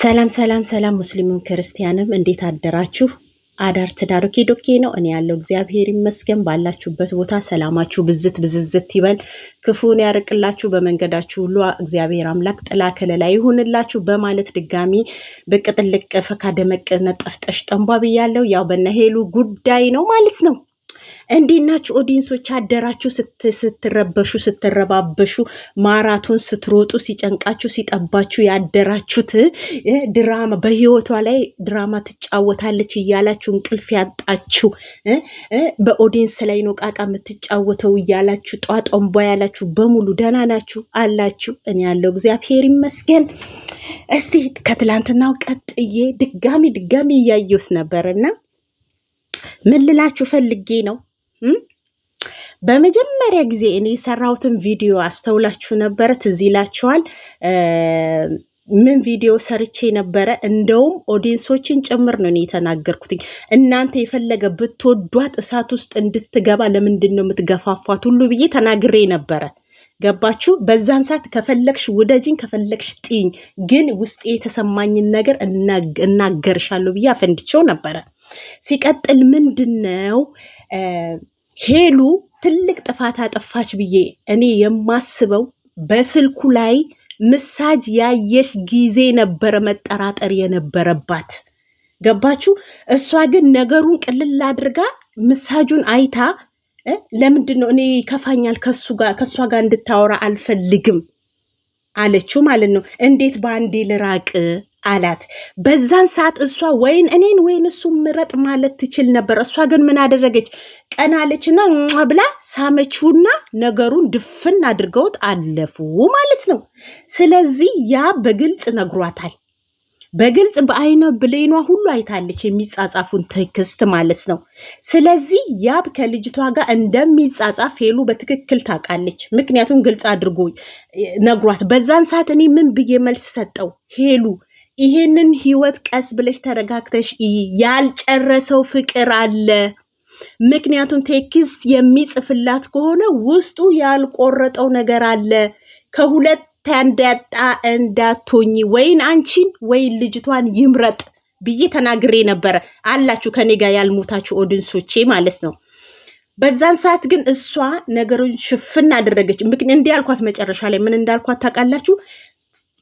ሰላም ሰላም ሰላም፣ ሙስሊምም ክርስቲያንም እንዴት አደራችሁ? አዳር ትዳር ኦኬ ዶኬ ነው። እኔ ያለው እግዚአብሔር ይመስገን። ባላችሁበት ቦታ ሰላማችሁ ብዝት ብዝዝት ይበል፣ ክፉን ያርቅላችሁ፣ በመንገዳችሁ ሁሉ እግዚአብሔር አምላክ ጥላ ከለላ ይሁንላችሁ በማለት ድጋሚ ብቅ ጥልቅ ፈካ ደመቅ ነጠፍጠሽ ጠንቧ ያው በነሄሉ ጉዳይ ነው ማለት ነው እንዴናችሁ ኦዲንሶች? አደራችሁ ስትረበሹ ስትረባበሹ ማራቶን ስትሮጡ ሲጨንቃችሁ ሲጠባችሁ ያደራችሁት ድራማ በህይወቷ ላይ ድራማ ትጫወታለች እያላችሁ እንቅልፍ ያጣችሁ በኦዲንስ ላይ ነው ቃቃ የምትጫወተው እያላችሁ ጧጧንቧ ያላችሁ በሙሉ ደህና ናችሁ አላችሁ? እኔ ያለው እግዚአብሔር ይመስገን። እስቲ ከትላንትናው ቀጥዬ ድጋሚ ድጋሚ እያየሁት ነበርና ምን ልላችሁ ፈልጌ ነው በመጀመሪያ ጊዜ እኔ የሰራሁትን ቪዲዮ አስተውላችሁ ነበረ? ትዝ ይላችኋል? ምን ቪዲዮ ሰርቼ ነበረ? እንደውም ኦዲንሶችን ጭምር ነው እኔ የተናገርኩትኝ። እናንተ የፈለገ ብትወዷት እሳት ውስጥ እንድትገባ ለምንድን ነው የምትገፋፏት? ሁሉ ብዬ ተናግሬ ነበረ። ገባችሁ? በዛን ሰዓት ከፈለግሽ ውደጅኝ፣ ከፈለግሽ ጥኝ፣ ግን ውስጤ የተሰማኝን ነገር እናገርሻለሁ ብዬ አፈንድቼው ነበረ። ሲቀጥል ምንድን ነው ሄሉ ትልቅ ጥፋት አጠፋች ብዬ እኔ የማስበው በስልኩ ላይ ምሳጅ ያየሽ ጊዜ ነበረ መጠራጠር የነበረባት። ገባችሁ? እሷ ግን ነገሩን ቅልል አድርጋ ምሳጁን አይታ ለምንድን ነው እኔ ይከፋኛል፣ ከሱ ጋር ከእሷ ጋር እንድታወራ አልፈልግም አለችው ማለት ነው። እንዴት በአንዴ ልራቅ አላት። በዛን ሰዓት እሷ ወይን እኔን ወይን እሱ ምረጥ ማለት ትችል ነበር። እሷ ግን ምን አደረገች? ቀናለችና ብላ ሳመችውና ነገሩን ድፍን አድርገውት አለፉ ማለት ነው። ስለዚህ ያ በግልጽ ነግሯታል። በግልጽ በአይነ ብሌኗ ሁሉ አይታለች የሚጻጻፉን ትክስት ማለት ነው። ስለዚህ ያብ ከልጅቷ ጋር እንደሚጻጻፍ ሄሉ በትክክል ታውቃለች። ምክንያቱም ግልጽ አድርጎ ነግሯት። በዛን ሰዓት እኔ ምን ብዬ መልስ ሰጠው ሄሉ ይሄንን ህይወት ቀስ ብለሽ ተረጋግተሽ ያልጨረሰው ፍቅር አለ። ምክንያቱም ቴክስት የሚጽፍላት ከሆነ ውስጡ ያልቆረጠው ነገር አለ። ከሁለት ተንዳጣ እንዳትሆኝ ወይን አንቺን ወይን ልጅቷን ይምረጥ ብዬ ተናግሬ ነበረ። አላችሁ ከኔ ጋር ያልሞታችሁ ኦድንሶቼ ማለት ነው። በዛን ሰዓት ግን እሷ ነገሩን ሽፍን አደረገች። ምክንያት እንዲህ መጨረሻ ላይ ምን እንዳልኳት ታውቃላችሁ?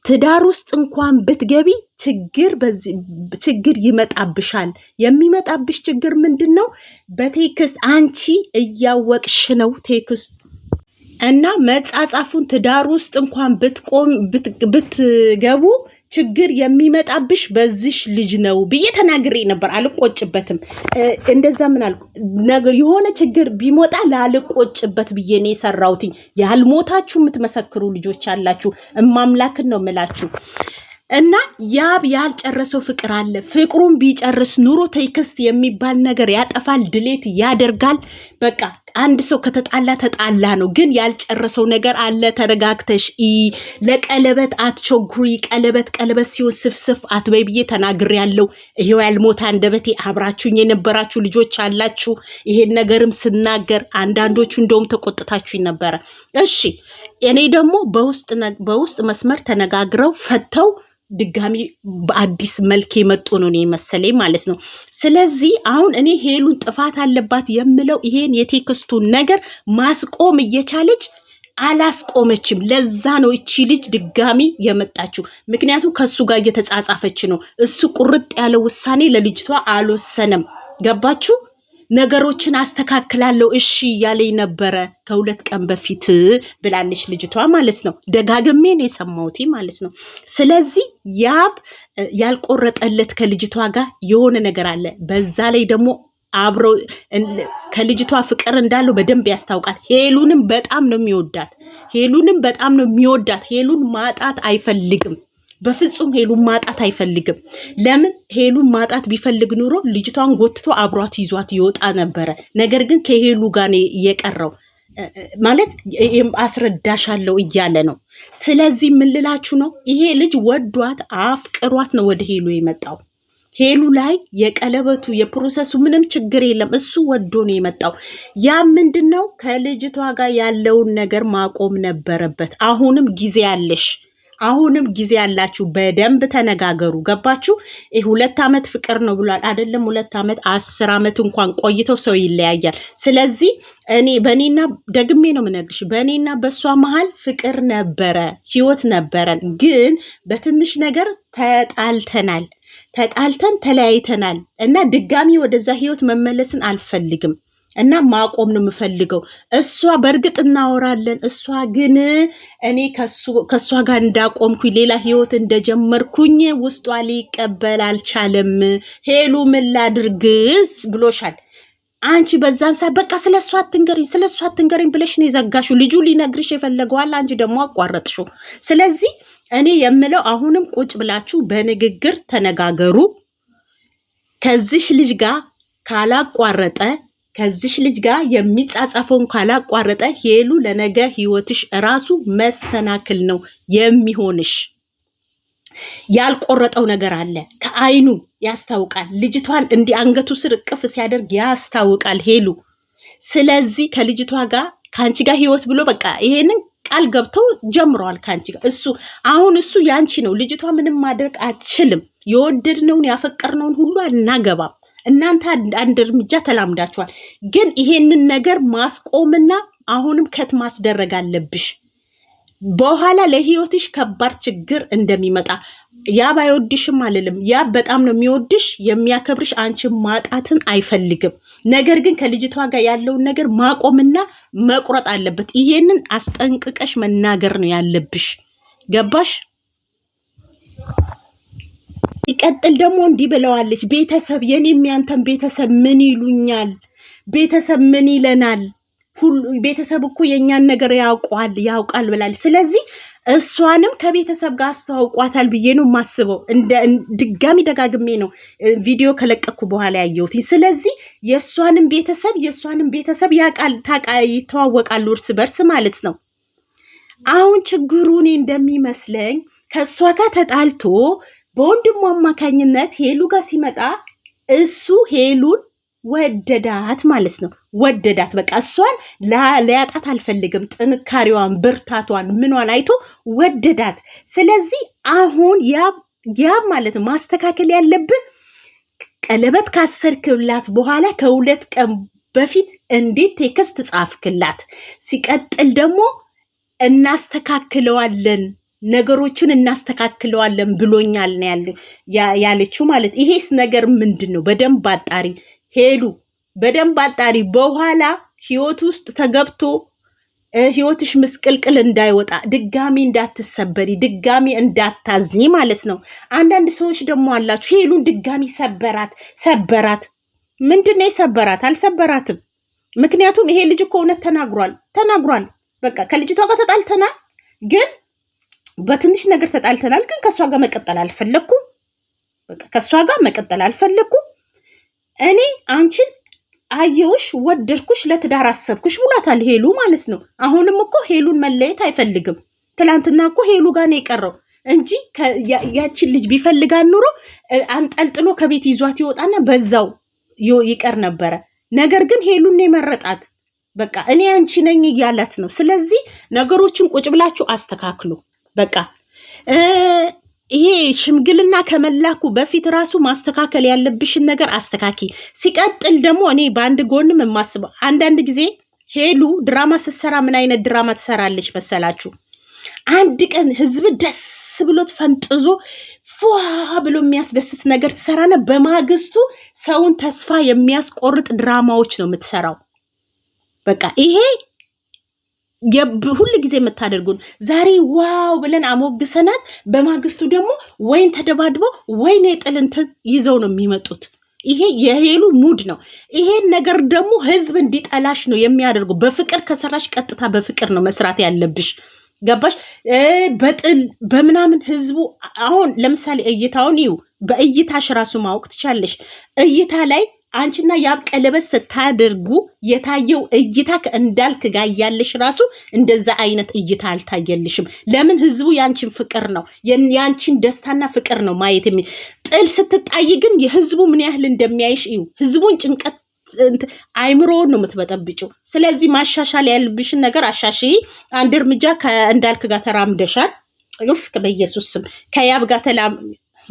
ትዳር ውስጥ እንኳን ብትገቢ ችግር ችግር ይመጣብሻል። የሚመጣብሽ ችግር ምንድን ነው? በቴክስት አንቺ እያወቅሽ ነው ቴክስት እና መጻጻፉን ትዳር ውስጥ እንኳን ብትቆም ብትገቡ ችግር የሚመጣብሽ በዚሽ ልጅ ነው ብዬ ተናግሬ ነበር። አልቆጭበትም። እንደዛ ምን የሆነ ችግር ቢሞጣ ላልቆጭበት ብዬ ነው የሰራሁትኝ። ያልሞታችሁ የምትመሰክሩ ልጆች አላችሁ። እማምላክን ነው ምላችሁ። እና ያብ ያልጨረሰው ፍቅር አለ። ፍቅሩን ቢጨርስ ኑሮ ተይክስት የሚባል ነገር ያጠፋል፣ ድሌት ያደርጋል። በቃ አንድ ሰው ከተጣላ ተጣላ ነው። ግን ያልጨረሰው ነገር አለ። ተረጋግተሽ ለቀለበት አትቸጉሪ። ቀለበት ቀለበት ሲሆን ስፍስፍ አትበይ ብዬ ተናግሬ ያለው ይሄው ያልሞተ አንደበቴ። አብራችሁኝ የነበራችሁ ልጆች አላችሁ። ይሄን ነገርም ስናገር አንዳንዶቹ እንደውም ተቆጥታችሁኝ ነበረ። እሺ እኔ ደግሞ በውስጥ በውስጥ መስመር ተነጋግረው ፈተው ድጋሚ በአዲስ መልክ የመጡ ነው የመሰለኝ ማለት ነው። ስለዚህ አሁን እኔ ሄሉን ጥፋት አለባት የምለው ይሄን የቴክስቱን ነገር ማስቆም እየቻለች አላስቆመችም። ለዛ ነው እቺ ልጅ ድጋሚ የመጣችው። ምክንያቱም ከሱ ጋር እየተጻጻፈች ነው። እሱ ቁርጥ ያለ ውሳኔ ለልጅቷ አልወሰነም። ገባችሁ? ነገሮችን አስተካክላለሁ እሺ እያለኝ ነበረ ከሁለት ቀን በፊት ብላለች ልጅቷ ማለት ነው። ደጋግሜ ነው የሰማሁት ማለት ነው። ስለዚህ ያብ ያልቆረጠለት ከልጅቷ ጋር የሆነ ነገር አለ። በዛ ላይ ደግሞ አብረው ከልጅቷ ፍቅር እንዳለው በደንብ ያስታውቃል። ሄሉንም በጣም ነው የሚወዳት። ሄሉንም በጣም ነው የሚወዳት። ሄሉን ማጣት አይፈልግም። በፍጹም ሄሉን ማጣት አይፈልግም። ለምን ሄሉን ማጣት ቢፈልግ ኑሮ ልጅቷን ጎትቶ አብሯት ይዟት ይወጣ ነበረ። ነገር ግን ከሄሉ ጋር የቀረው ማለት አስረዳሻለሁ እያለ ነው። ስለዚህ የምንላችሁ ነው ይሄ ልጅ ወዷት አፍቅሯት ነው ወደ ሄሉ የመጣው። ሄሉ ላይ የቀለበቱ የፕሮሰሱ ምንም ችግር የለም። እሱ ወዶ ነው የመጣው። ያ ምንድን ነው ከልጅቷ ጋር ያለውን ነገር ማቆም ነበረበት። አሁንም ጊዜ አለሽ። አሁንም ጊዜ ያላችሁ በደንብ ተነጋገሩ። ገባችሁ? ሁለት ዓመት ፍቅር ነው ብሏል አይደለም? ሁለት ዓመት አስር ዓመት እንኳን ቆይተው ሰው ይለያያል። ስለዚህ እኔ በእኔና ደግሜ ነው የምነግርሽ፣ በእኔና በእሷ መሀል ፍቅር ነበረ፣ ህይወት ነበረን፣ ግን በትንሽ ነገር ተጣልተናል ተጣልተን ተለያይተናል እና ድጋሚ ወደዛ ህይወት መመለስን አልፈልግም። እና ማቆም ነው የምፈልገው። እሷ በእርግጥ እናወራለን። እሷ ግን እኔ ከእሷ ጋር እንዳቆምኩኝ ሌላ ህይወት እንደጀመርኩኝ ውስጧ ሊቀበል አልቻለም። ሄሉ ምን ላድርግስ ብሎሻል። አንቺ በዛን ሰዓት በቃ ስለ እሷ አትንገሪኝ፣ ስለ እሷ አትንገሪኝ ብለሽ ነው የዘጋሽው። ልጁ ሊነግርሽ የፈለገዋል፣ አንቺ ደግሞ አቋረጥሽው። ስለዚህ እኔ የምለው አሁንም ቁጭ ብላችሁ በንግግር ተነጋገሩ ከዚሽ ልጅ ጋር ካላቋረጠ ከዚሽ ልጅ ጋር የሚጻጻፈውን ካላቋረጠ ሄሉ ለነገ ህይወትሽ ራሱ መሰናክል ነው የሚሆንሽ። ያልቆረጠው ነገር አለ፣ ከአይኑ ያስታውቃል። ልጅቷን እንዲህ አንገቱ ስር እቅፍ ሲያደርግ ያስታውቃል ሄሉ። ስለዚህ ከልጅቷ ጋር ከአንቺ ጋር ህይወት ብሎ በቃ ይሄንን ቃል ገብተው ጀምረዋል ከአንቺ ጋር እሱ። አሁን እሱ ያንቺ ነው። ልጅቷ ምንም ማድረግ አትችልም። የወደድነውን ያፈቀርነውን ሁሉ አናገባም እናንተ አንድ እርምጃ ተላምዳችኋል። ግን ይሄንን ነገር ማስቆምና አሁንም ከት ማስደረግ አለብሽ። በኋላ ለህይወትሽ ከባድ ችግር እንደሚመጣ ያ ባይወድሽም አልልም። ያ በጣም ነው የሚወድሽ የሚያከብርሽ፣ አንቺን ማጣትን አይፈልግም። ነገር ግን ከልጅቷ ጋር ያለውን ነገር ማቆምና መቁረጥ አለበት። ይሄንን አስጠንቅቀሽ መናገር ነው ያለብሽ። ገባሽ? ሲቀጥል ደግሞ እንዲህ ብለዋለች፣ ቤተሰብ የኔም ያንተን ቤተሰብ ምን ይሉኛል? ቤተሰብ ምን ይለናል? ሁሉ ቤተሰብ እኮ የእኛን ነገር ያውቋል ያውቃል ብላለች። ስለዚህ እሷንም ከቤተሰብ ጋር አስተዋውቋታል ብዬ ነው የማስበው። ድጋሚ ደጋግሜ ነው ቪዲዮ ከለቀኩ በኋላ ያየሁት። ስለዚህ የእሷንም ቤተሰብ የእሷንም ቤተሰብ ያውቃል፣ ይተዋወቃሉ እርስ በርስ ማለት ነው። አሁን ችግሩ እኔ እንደሚመስለኝ ከእሷ ጋር ተጣልቶ በወንድሙ አማካኝነት ሄሉ ጋር ሲመጣ እሱ ሄሉን ወደዳት ማለት ነው። ወደዳት በቃ እሷን ሊያጣት አልፈልግም። ጥንካሬዋን፣ ብርታቷን፣ ምኗን አይቶ ወደዳት። ስለዚህ አሁን ያ ማለት ነው ማስተካከል ያለብህ ቀለበት ካሰርክላት በኋላ ከሁለት ቀን በፊት እንዴት ቴክስት ጻፍክላት? ሲቀጥል ደግሞ እናስተካክለዋለን ነገሮችን እናስተካክለዋለን ብሎኛል ነው ያለችው። ማለት ይሄስ ነገር ምንድን ነው? በደንብ አጣሪ ሄሉ፣ በደንብ አጣሪ። በኋላ ህይወት ውስጥ ተገብቶ ህይወትሽ ምስቅልቅል እንዳይወጣ ድጋሚ እንዳትሰበሪ ድጋሚ እንዳታዝኝ ማለት ነው። አንዳንድ ሰዎች ደግሞ አላችሁ ሄሉን ድጋሚ ሰበራት ሰበራት። ምንድን ነው የሰበራት? አልሰበራትም። ምክንያቱም ይሄ ልጅ እኮ እውነት ተናግሯል ተናግሯል። በቃ ከልጅቷ ጋር ተጣልተናል ግን በትንሽ ነገር ተጣልተናል፣ ግን ከእሷ ጋር መቀጠል አልፈለግኩም። በቃ ከእሷ ጋር መቀጠል አልፈለግኩም። እኔ አንቺን አየውሽ፣ ወደድኩሽ፣ ለትዳር አሰብኩሽ ብሏታል ሄሉ ማለት ነው። አሁንም እኮ ሄሉን መለየት አይፈልግም። ትላንትና እኮ ሄሉ ጋር ነው የቀረው እንጂ ያችን ልጅ ቢፈልጋን ኑሮ አንጠልጥሎ ከቤት ይዟት ይወጣና በዛው ይቀር ነበረ። ነገር ግን ሄሉን የመረጣት በቃ እኔ አንቺ ነኝ እያላት ነው። ስለዚህ ነገሮችን ቁጭ ብላችሁ አስተካክሉ። በቃ ይሄ ሽምግልና ከመላኩ በፊት ራሱ ማስተካከል ያለብሽን ነገር አስተካኪ። ሲቀጥል ደግሞ እኔ በአንድ ጎንም የማስበው አንዳንድ ጊዜ ሄሉ ድራማ ስትሰራ ምን አይነት ድራማ ትሰራለች መሰላችሁ? አንድ ቀን ህዝብ ደስ ብሎት ፈንጥዞ ፏ ብሎ የሚያስደስት ነገር ትሰራና በማግስቱ ሰውን ተስፋ የሚያስቆርጥ ድራማዎች ነው የምትሰራው። በቃ ይሄ ሁል ጊዜ የምታደርጉን ዛሬ ዋው ብለን አሞግሰናት፣ በማግስቱ ደግሞ ወይን ተደባድበው ወይን የጥልንትን ይዘው ነው የሚመጡት። ይሄ የሄሉ ሙድ ነው። ይሄን ነገር ደግሞ ህዝብ እንዲጠላሽ ነው የሚያደርጉ በፍቅር ከሰራሽ ቀጥታ በፍቅር ነው መስራት ያለብሽ። ገባሽ? በጥል በምናምን ህዝቡ አሁን ለምሳሌ እይታውን ይዩ። በእይታሽ ራሱ ማወቅ ትቻለሽ። እይታ ላይ አንቺና ያብ ቀለበት ስታደርጉ የታየው እይታ ከእንዳልክ ጋር ያለሽ ራሱ እንደዛ አይነት እይታ አልታየልሽም። ለምን? ህዝቡ ያንቺን ፍቅር ነው ያንቺን ደስታና ፍቅር ነው ማየት የሚ ጥል ስትጣይ ግን የህዝቡ ምን ያህል እንደሚያይሽ እዩ። ህዝቡን ጭንቀት አይምሮ ነው የምትበጠብጭው። ስለዚህ ማሻሻል ያለብሽን ነገር አሻሽይ። አንድ እርምጃ ከእንዳልክ ጋር ተራምደሻል። ፍ በኢየሱስ ስም ከያብ ጋር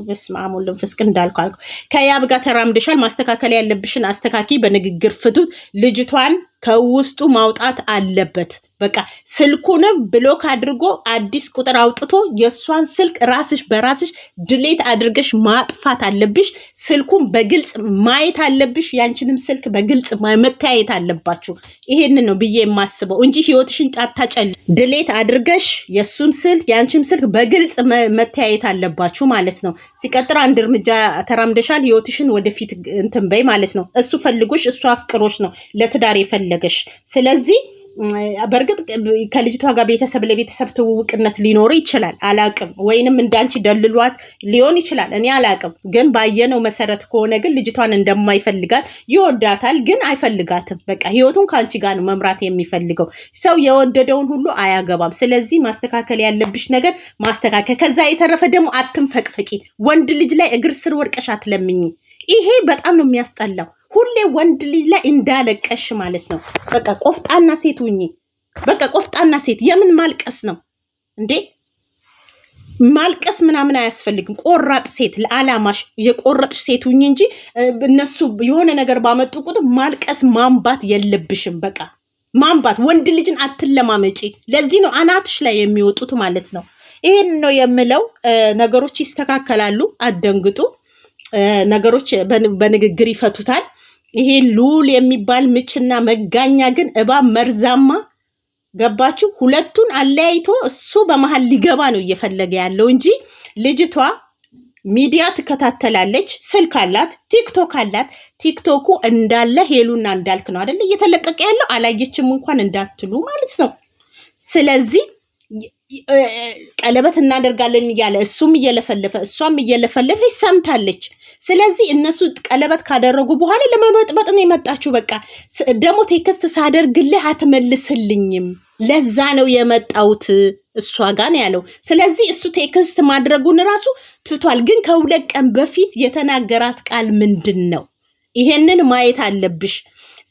በስመ አብ ወወልድ ወመንፈስ ቅዱስ እንዳልኩ አልኩ። ከያብ ጋር ተራምድሻል። ማስተካከል ያለብሽን አስተካኪ፣ በንግግር ፍቱት። ልጅቷን ከውስጡ ማውጣት አለበት። በቃ ስልኩንም ብሎክ አድርጎ አዲስ ቁጥር አውጥቶ የእሷን ስልክ ራስሽ በራስሽ ድሌት አድርገሽ ማጥፋት አለብሽ። ስልኩን በግልጽ ማየት አለብሽ። ያንቺንም ስልክ በግልጽ መተያየት አለባችሁ። ይሄን ነው ብዬ የማስበው እንጂ ህይወትሽን ጫታጨል ድሌት አድርገሽ የእሱም ስልክ ያንቺም ስልክ በግልጽ መተያየት አለባችሁ ማለት ነው። ሲቀጥር አንድ እርምጃ ተራምደሻል። ህይወትሽን ወደፊት እንትን በይ ማለት ነው። እሱ ፈልጎሽ እሱ አፍቅሮሽ ነው ለትዳር የፈለገሽ ስለዚህ በእርግጥ ከልጅቷ ጋር ቤተሰብ ለቤተሰብ ትውውቅነት ሊኖር ይችላል፣ አላቅም። ወይንም እንዳንቺ ደልሏት ሊሆን ይችላል፣ እኔ አላቅም። ግን ባየነው መሰረት ከሆነ ግን ልጅቷን እንደማይፈልጋት ይወዳታል፣ ግን አይፈልጋትም። በቃ ህይወቱን ከአንቺ ጋር ነው መምራት የሚፈልገው። ሰው የወደደውን ሁሉ አያገባም። ስለዚህ ማስተካከል ያለብሽ ነገር ማስተካከል። ከዛ የተረፈ ደግሞ አትንፈቅፈቂ። ወንድ ልጅ ላይ እግር ስር ወድቀሽ አትለምኝ። ይሄ በጣም ነው የሚያስጠላው። ሁሌ ወንድ ልጅ ላይ እንዳለቀሽ ማለት ነው። በቃ ቆፍጣና ሴት ሁኚ። በቃ ቆፍጣና ሴት የምን ማልቀስ ነው እንዴ? ማልቀስ ምናምን አያስፈልግም። ቆራጥ ሴት ለዓላማሽ የቆረጥሽ ሴት ሁኚ እንጂ እነሱ የሆነ ነገር ባመጡ ቁጥር ማልቀስ ማንባት የለብሽም። በቃ ማንባት ወንድ ልጅን አትለማመጪ። ለዚህ ነው አናትሽ ላይ የሚወጡት ማለት ነው። ይህን ነው የምለው። ነገሮች ይስተካከላሉ፣ አደንግጡ ነገሮች በንግግር ይፈቱታል። ይሄ ልዑል የሚባል ምችና መጋኛ ግን እባብ መርዛማ ገባችሁ? ሁለቱን አለያይቶ እሱ በመሀል ሊገባ ነው እየፈለገ ያለው እንጂ ልጅቷ ሚዲያ ትከታተላለች፣ ስልክ አላት፣ ቲክቶክ አላት። ቲክቶኩ እንዳለ ሄሉና እንዳልክ ነው አይደለ? እየተለቀቀ ያለው አላየችም እንኳን እንዳትሉ ማለት ነው። ስለዚህ ቀለበት እናደርጋለን እያለ እሱም እየለፈለፈ እሷም እየለፈለፈ ሰምታለች ስለዚህ እነሱ ቀለበት ካደረጉ በኋላ ለመበጥበጥ ነው የመጣችሁ። በቃ ደግሞ ቴክስት ሳደርግልህ አትመልስልኝም፣ ለዛ ነው የመጣውት እሷ ጋ ነው ያለው። ስለዚህ እሱ ቴክስት ማድረጉን ራሱ ትቷል። ግን ከሁለት ቀን በፊት የተናገራት ቃል ምንድን ነው? ይሄንን ማየት አለብሽ።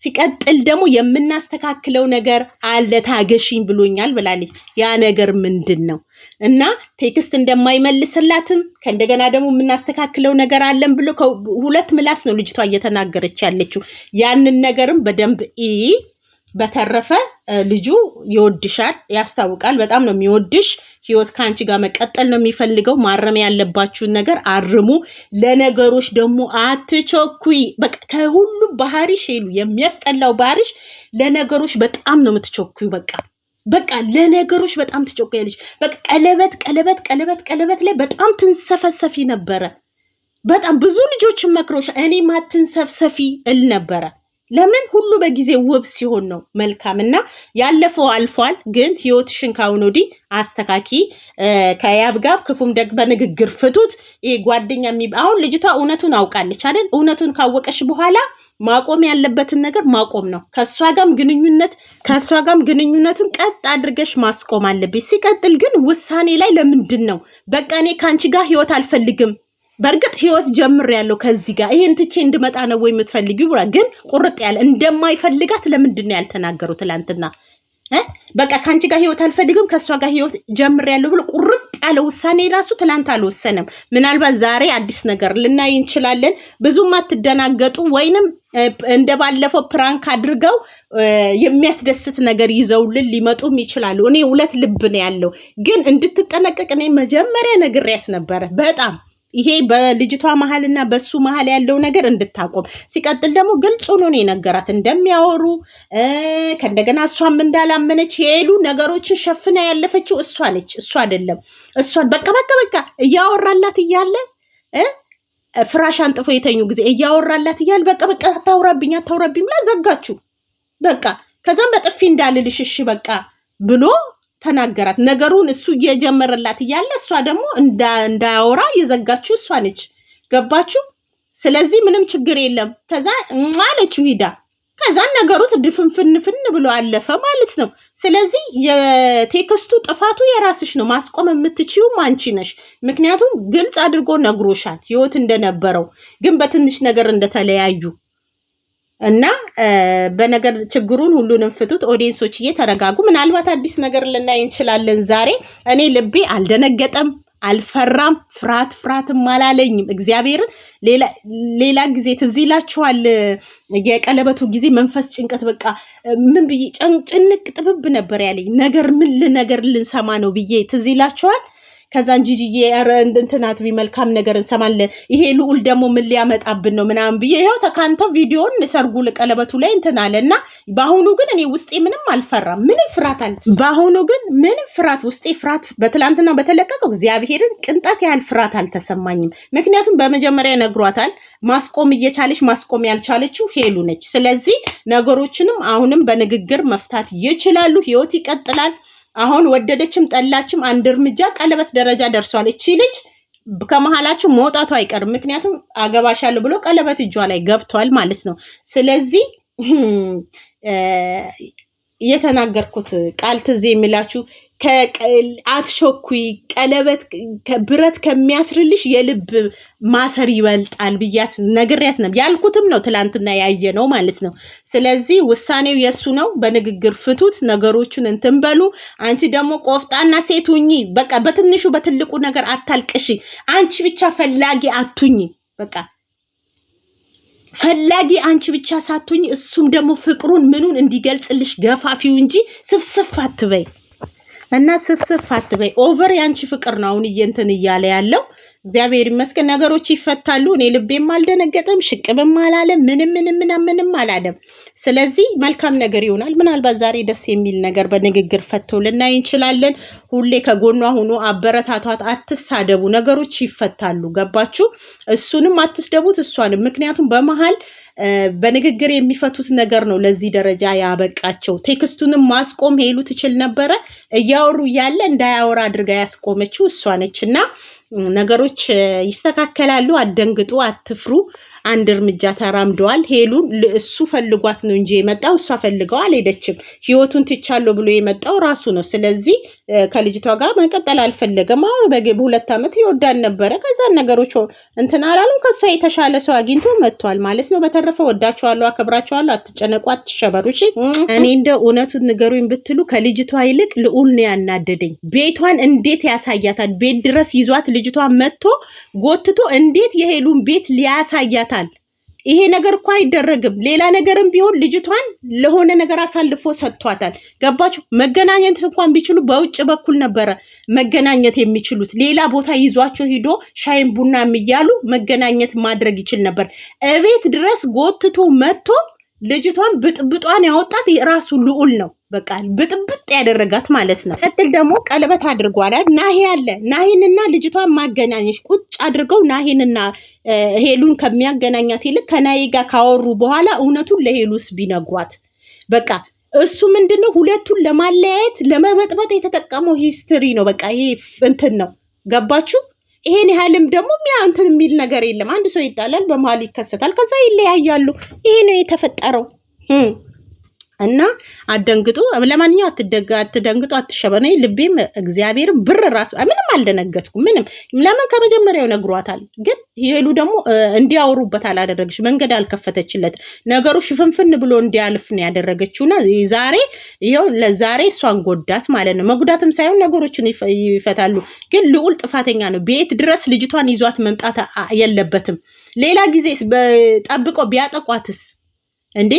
ሲቀጥል ደግሞ የምናስተካክለው ነገር አለ ታገሽኝ ብሎኛል ብላለች። ያ ነገር ምንድን ነው እና ቴክስት እንደማይመልስላትም ከእንደገና ደግሞ የምናስተካክለው ነገር አለን ብሎ ሁለት ምላስ ነው ልጅቷ እየተናገረች ያለችው። ያንን ነገርም በደንብ ኢ በተረፈ ልጁ ይወድሻል፣ ያስታውቃል። በጣም ነው የሚወድሽ። ህይወት ከአንቺ ጋር መቀጠል ነው የሚፈልገው። ማረም ያለባችሁን ነገር አርሙ። ለነገሮች ደግሞ አትቸኩይ። በቃ ከሁሉም ባህሪሽ ሄሉ የሚያስጠላው ባህሪሽ ለነገሮች በጣም ነው የምትቸኩዩ። በቃ በቃ ለነገሮች በጣም ትቸኩያለሽ። በቃ ቀለበት ቀለበት ቀለበት ቀለበት ላይ በጣም ትንሰፈሰፊ ነበረ። በጣም ብዙ ልጆችን መክሮሻል። እኔ ማትንሰፍሰፊ እል ነበረ ለምን ሁሉ በጊዜ ውብ ሲሆን ነው መልካም እና ያለፈው አልፏል። ግን ህይወትሽን ካሁን ወዲህ አስተካኪ። ከያብ ጋር ክፉም ደግ በንግግር ፍቱት። ይሄ ጓደኛ አሁን ልጅቷ እውነቱን አውቃለች አይደል? እውነቱን ካወቀሽ በኋላ ማቆም ያለበትን ነገር ማቆም ነው። ከእሷ ግንኙነት ከእሷ ጋም ግንኙነቱን ቀጥ አድርገሽ ማስቆም አለብሽ። ሲቀጥል ግን ውሳኔ ላይ ለምንድን ነው በቃ እኔ ከአንቺ ጋር ህይወት አልፈልግም በእርግጥ ህይወት ጀምር ያለው ከዚህ ጋር ይሄን ትቼ እንድመጣ ነው ወይ የምትፈልጊው? ብሏል። ግን ቁርጥ ያለ እንደማይፈልጋት ለምንድን ነው ያልተናገሩ? ትላንትና በቃ ከአንቺ ጋር ህይወት አልፈልግም ከእሷ ጋር ህይወት ጀምር ያለው ብሎ ቁርጥ ያለ ውሳኔ ራሱ ትላንት አልወሰነም። ምናልባት ዛሬ አዲስ ነገር ልናይ እንችላለን። ብዙም አትደናገጡ፣ ወይንም እንደባለፈው ፕራንክ አድርገው የሚያስደስት ነገር ይዘውልን ሊመጡም ይችላሉ። እኔ ሁለት ልብ ነው ያለው፣ ግን እንድትጠነቀቅ እኔ መጀመሪያ ነግሬያት ነበረ በጣም ይሄ በልጅቷ መሀል እና በሱ መሀል ያለው ነገር እንድታቆም። ሲቀጥል ደግሞ ግልጽ ሆኖ ነው የነገራት እንደሚያወሩ ከእንደገና እሷም እንዳላመነች ሄሉ ነገሮችን ሸፍና ያለፈችው እሷ ነች፣ እሱ አይደለም። እሷን በቃ በቃ በቃ እያወራላት እያለ ፍራሽ አንጥፎ የተኙ ጊዜ እያወራላት እያለ በቃ በቃ አታውራብኝ አታውራብኝ ብላ ዘጋችው በቃ ከዛም በጥፊ እንዳልልሽ እሺ በቃ ብሎ ተናገራት። ነገሩን እሱ እየጀመረላት እያለ እሷ ደግሞ እንዳያወራ እየዘጋችው እሷ ነች። ገባችሁ? ስለዚህ ምንም ችግር የለም። ከዛ ማለችው ሂዳ ከዛ ነገሩ ድፍንፍንፍን ብሎ አለፈ ማለት ነው። ስለዚህ የቴክስቱ ጥፋቱ የራስሽ ነው። ማስቆም የምትችይውም አንቺ ነሽ። ምክንያቱም ግልጽ አድርጎ ነግሮሻል ህይወት እንደነበረው ግን በትንሽ ነገር እንደተለያዩ እና በነገር ችግሩን ሁሉንም ፍቱት። ኦዲየንሶችዬ ተረጋጉ። ምናልባት አዲስ ነገር ልናይ እንችላለን። ዛሬ እኔ ልቤ አልደነገጠም፣ አልፈራም፣ ፍርሃት ፍርሃትም አላለኝም። እግዚአብሔርን ሌላ ጊዜ ትዝ ይላችኋል፣ የቀለበቱ ጊዜ መንፈስ ጭንቀት፣ በቃ ምን ብዬ ጭንቅ ጥብብ ነበር ያለኝ ነገር ምን ነገር ልንሰማ ነው ብዬ ትዝ ይላችኋል። ከዛን ጂጂዬ ኧረ እንትናት መልካም ነገር እንሰማለን። ይሄ ልዑል ደግሞ ምን ሊያመጣብን ነው ምናምን ብዬ ይኸው ተካንተ ቪዲዮን ሰርጉ ቀለበቱ ላይ እንትን አለ እና በአሁኑ ግን እኔ ውስጤ ምንም አልፈራም። ምንም ፍርሃት አለ። በአሁኑ ግን ምንም ፍርሃት ውስጤ ፍርሃት በትላንትና በተለቀቀው እግዚአብሔርን ቅንጣት ያህል ፍርሃት አልተሰማኝም። ምክንያቱም በመጀመሪያ ነግሯታል። ማስቆም እየቻለች ማስቆም ያልቻለችው ሄሉ ነች። ስለዚህ ነገሮችንም አሁንም በንግግር መፍታት ይችላሉ። ህይወት ይቀጥላል። አሁን ወደደችም ጠላችም አንድ እርምጃ ቀለበት ደረጃ ደርሷል። እቺ ልጅ ከመሀላችሁ መውጣቱ አይቀርም። ምክንያቱም አገባሻለሁ ብሎ ቀለበት እጇ ላይ ገብቷል ማለት ነው። ስለዚህ የተናገርኩት ቃል ትዝ የሚላችሁ አትሾኩ፣ ቀለበት ብረት ከሚያስርልሽ የልብ ማሰር ይበልጣል ብያት ነግሬያት ነው ያልኩትም ነው ትላንትና ያየ ነው ማለት ነው። ስለዚህ ውሳኔው የእሱ ነው። በንግግር ፍቱት፣ ነገሮቹን እንትን በሉ። አንቺ ደግሞ ቆፍጣና ሴት ሁኚ። በቃ በትንሹ በትልቁ ነገር አታልቅሽ። አንቺ ብቻ ፈላጊ አቱኝ። በቃ ፈላጊ አንቺ ብቻ ሳቱኝ፣ እሱም ደግሞ ፍቅሩን ምኑን እንዲገልጽልሽ ገፋፊው እንጂ ስፍስፍ አትበይ። እና ስፍስፍ አትበይ። ኦቨር ያንቺ ፍቅር ነው አሁን እየንትን እያለ ያለው። እግዚአብሔር ይመስገን ነገሮች ይፈታሉ። እኔ ልቤም አልደነገጠም፣ ሽቅብም አላለም፣ ምንም ምንም ምንም አላለም። ስለዚህ መልካም ነገር ይሆናል። ምናልባት ዛሬ ደስ የሚል ነገር በንግግር ፈተው ልናይ እንችላለን። ሁሌ ከጎኗ ሆኖ አበረታቷት፣ አትሳደቡ፣ ነገሮች ይፈታሉ። ገባችሁ? እሱንም አትስደቡት እሷንም፣ ምክንያቱም በመሀል በንግግር የሚፈቱት ነገር ነው ለዚህ ደረጃ ያበቃቸው። ቴክስቱንም ማስቆም ሄሉ ትችል ነበረ። እያወሩ እያለ እንዳያወራ አድርጋ ያስቆመችው እሷ ነች እና ነገሮች ይስተካከላሉ። አደንግጡ፣ አትፍሩ። አንድ እርምጃ ተራምደዋል። ሄሉ እሱ ፈልጓት ነው እንጂ የመጣው እሷ ፈልገው አልሄደችም። ህይወቱን ትቻለሁ ብሎ የመጣው ራሱ ነው። ስለዚህ ከልጅቷ ጋር መቀጠል አልፈለገም። አሁን በሁለት ዓመት ይወዳል ነበረ። ከዛን ነገሮች እንትን አላሉም። ከእሷ የተሻለ ሰው አግኝቶ መጥቷል ማለት ነው። በተረፈ ወዳችኋለሁ፣ አከብራችኋለሁ። አትጨነቁ፣ አትሸበሩ። እሺ እኔ እንደ እውነቱን ንገሩኝ ብትሉ ከልጅቷ ይልቅ ልዑል ነው ያናደደኝ። ቤቷን እንዴት ያሳያታል? ቤት ድረስ ይዟት ልጅቷ መጥቶ ጎትቶ እንዴት የሄሉን ቤት ሊያሳያታል? ይሄ ነገር እኮ አይደረግም። ሌላ ነገርም ቢሆን ልጅቷን ለሆነ ነገር አሳልፎ ሰጥቷታል። ገባችሁ? መገናኘት እንኳን ቢችሉ በውጭ በኩል ነበረ መገናኘት የሚችሉት። ሌላ ቦታ ይዟቸው ሂዶ ሻይን ቡናም እያሉ መገናኘት ማድረግ ይችል ነበር። እቤት ድረስ ጎትቶ መጥቶ ልጅቷን ብጥብጧን ያወጣት የራሱ ልዑል ነው። በቃ ብጥብጥ ያደረጋት ማለት ነው። ቀጥል ደግሞ ቀለበት አድርጓል። ናሂ አለ። ናሂንና ልጅቷን ማገናኘሽ ቁጭ አድርገው ናሂንና ሄሉን ከሚያገናኛት ይልቅ ከናሂ ጋር ካወሩ በኋላ እውነቱን ለሄሉስ ቢነግሯት በቃ እሱ ምንድን ነው ሁለቱን ለማለያየት ለመበጥበጥ የተጠቀመው ሂስትሪ ነው። በቃ ይሄ እንትን ነው ገባችሁ? ይሄን ያህልም ደግሞ እንትን የሚል ነገር የለም። አንድ ሰው ይጣላል፣ በመሀል ይከሰታል፣ ከዛ ይለያያሉ። ይሄ ነው የተፈጠረው። እና አደንግጡ። ለማንኛው አትደንግጡ፣ አትሸበነ ልቤም እግዚአብሔር ብር ራሱ ምንም አልደነገጥኩ። ምንም ለምን ከመጀመሪያው ነግሯታል። ግን ሄሉ ደግሞ እንዲያወሩበት አላደረገች፣ መንገድ አልከፈተችለት። ነገሩ ሽፍንፍን ብሎ እንዲያልፍ ነው ያደረገችውና ዛሬ ይኸው ለዛሬ እሷን ጎዳት ማለት ነው። መጉዳትም ሳይሆን ነገሮችን ይፈታሉ። ግን ልዑል ጥፋተኛ ነው። ቤት ድረስ ልጅቷን ይዟት መምጣት የለበትም። ሌላ ጊዜ ጠብቆ ቢያጠቋትስ እንዴ?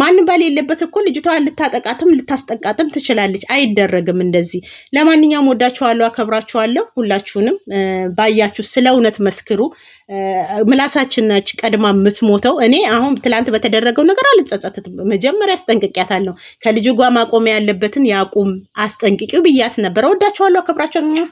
ማንም በሌለበት እኮ ልጅቷ ልታጠቃትም ልታስጠቃትም ትችላለች። አይደረግም እንደዚህ። ለማንኛውም ወዳችኋለሁ፣ አከብራችኋለሁ። ሁላችሁንም ባያችሁ ስለ እውነት መስክሩ። ምላሳችን ናች ቀድማ የምትሞተው። እኔ አሁን ትላንት በተደረገው ነገር አልጸጸትም። መጀመሪያ አስጠንቅቂያታለሁ። ከልጅ ጓ ማቆሚያ ያለበትን ያቁም፣ አስጠንቅቂው ብያት ነበረ። ወዳችኋለሁ፣ አከብራችኋለሁ።